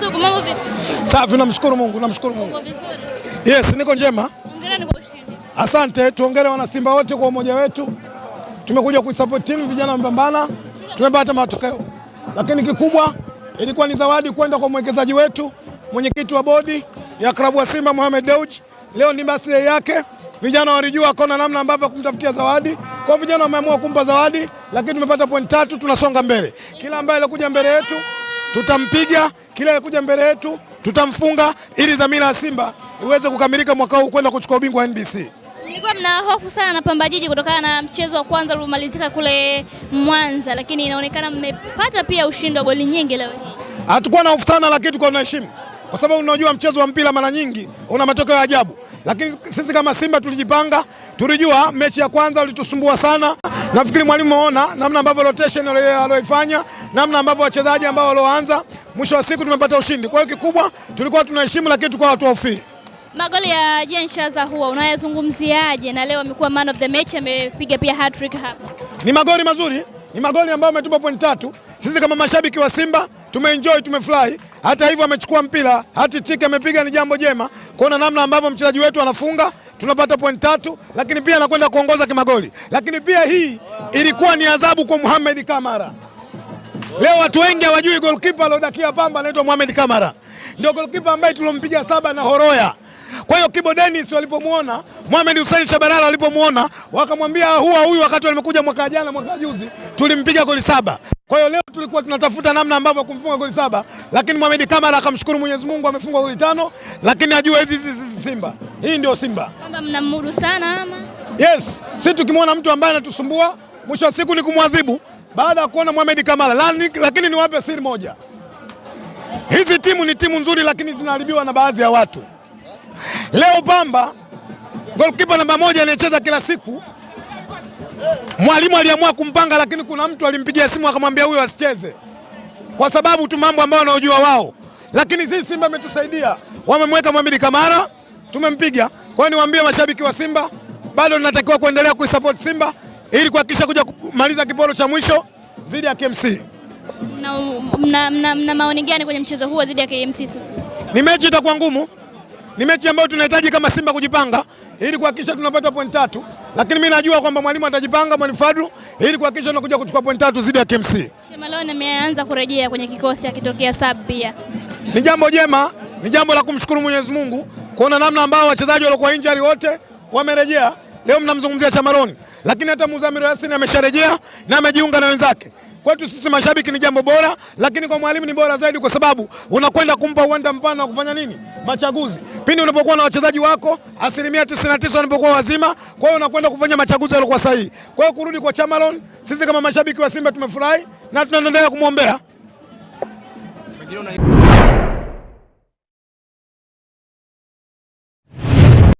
Sugu, mambo vipi? Safi, namshukuru Mungu, namshukuru Mungu. Yes, niko njema. Asante, tuongele wana Simba wote kwa umoja wetu. Tumekuja kuisupport timu vijana wamepambana, tumepata matokeo, lakini kikubwa ilikuwa ni zawadi kwenda kwa mwekezaji wetu, mwenyekiti wa bodi ya klabu ya Simba Mohamed Dewji. Leo ni birthday yake, vijana walijua kona namna ambavyo kumtafutia zawadi kwa vijana wameamua kumpa zawadi, lakini tumepata point tatu, tunasonga mbele. Kila ambaye alikuja mbele yetu tutampiga kila anakuja mbele yetu, tutamfunga ili dhamira ya Simba iweze kukamilika mwaka huu kwenda kuchukua ubingwa wa NBC. Nilikuwa mna hofu sana na Pamba Jiji kutokana na mchezo wa kwanza uliomalizika kule Mwanza, lakini inaonekana mmepata pia ushindi wa goli nyingi leo hii. Hatukuwa na hofu sana, lakini tulikuwa tunaheshimu, kwa sababu unajua mchezo wa mpira mara nyingi una matokeo ya ajabu, lakini sisi kama Simba tulijipanga tulijua mechi ya kwanza ulitusumbua sana. Nafikiri mwalimu ona namna ambavyo rotation aliyoifanya, namna ambavyo wachezaji ambao walioanza, mwisho wa siku tumepata ushindi. Kwa hiyo kikubwa tulikuwa tunaheshimu, lakini tulikuwa watu hofi. Magoli ya Jean Shaza huwa unayazungumziaje? Na leo amekuwa man of the match, amepiga pia hat-trick hapa. Ni magoli mazuri, ni magoli ambayo ametupa point tatu. Sisi kama mashabiki wa Simba tumeenjoy, tumefurahi. Hata hivyo amechukua mpira, hat-trick amepiga, ni jambo jema kuona namna ambavyo mchezaji wetu anafunga tunapata point tatu, lakini pia anakwenda kuongoza kimagoli. Lakini pia hii ilikuwa ni adhabu kwa Mohamed Kamara. Leo watu wengi hawajui goalkeeper aliodakia Pamba anaitwa Mohamed Kamara, ndio goalkeeper ambaye tulompiga saba na Horoya. Kwa hiyo Kibo Dennis walipomuona Mohamed Hussein Shabalala walipomwona wakamwambia huwa huyu, wakati walimekuja mwaka jana mwaka juzi tulimpiga goli saba. Kwa hiyo leo tulikuwa tunatafuta namna ambavyo kumfunga goli saba, lakini Mohamed Kamara akamshukuru Mwenyezi Mungu amefunga goli tano, lakini ajue hizi Simba hii ndio Simba. Kwamba mnamuru sana ama? Yes, sisi tukimwona mtu ambaye anatusumbua mwisho wa siku ni kumwadhibu baada ya kuona Mohamed Kamara Lani, lakini niwape siri moja, hizi timu ni timu nzuri, lakini zinaharibiwa na baadhi ya watu. Leo Pamba golkipa namba moja anayecheza kila siku, mwalimu aliamua kumpanga, lakini kuna mtu alimpigia simu akamwambia huyo asicheze kwa sababu tu mambo ambayo wanaojua wao, lakini sisi Simba ametusaidia, wamemweka Mohamed Kamara tumempiga. Kwa hiyo niwaambie mashabiki wa Simba, bado tunatakiwa kuendelea kuisupport Simba ili kuhakikisha kuja kumaliza kiporo cha mwisho dhidi ya KMC. Mna, mna, mna maoni gani kwenye mchezo huo dhidi ya KMC? Sasa ni mechi itakuwa ngumu, ni mechi ambayo tunahitaji kama Simba kujipanga ili kuhakikisha tunapata point tatu, lakini mimi najua kwamba mwalimu atajipanga, mwalimu Fadlu, ili kuhakikisha tunakuja kuchukua point tatu dhidi ya KMC. Shemalone ameanza kurejea kwenye kikosi akitokea sub pia, ni jambo jema, ni jambo la kumshukuru Mwenyezi Mungu kuona namna ambao wachezaji waliokuwa injury wote wamerejea. Leo mnamzungumzia Chamaroni, lakini hata Muzamiru Yasini amesharejea na amejiunga na wenzake. Kwetu sisi mashabiki ni jambo bora, lakini kwa mwalimu ni bora zaidi, kwa sababu unakwenda kumpa uwanda mpana wa kufanya nini, machaguzi pindi unapokuwa na wachezaji wako asilimia 99 wanapokuwa wazima. Kwa hiyo unakwenda kufanya machaguzi yaliokuwa sahihi. Kwa hiyo kurudi kwa Chamaron, sisi kama mashabiki wa Simba tumefurahi na tunaendelea kumwombea.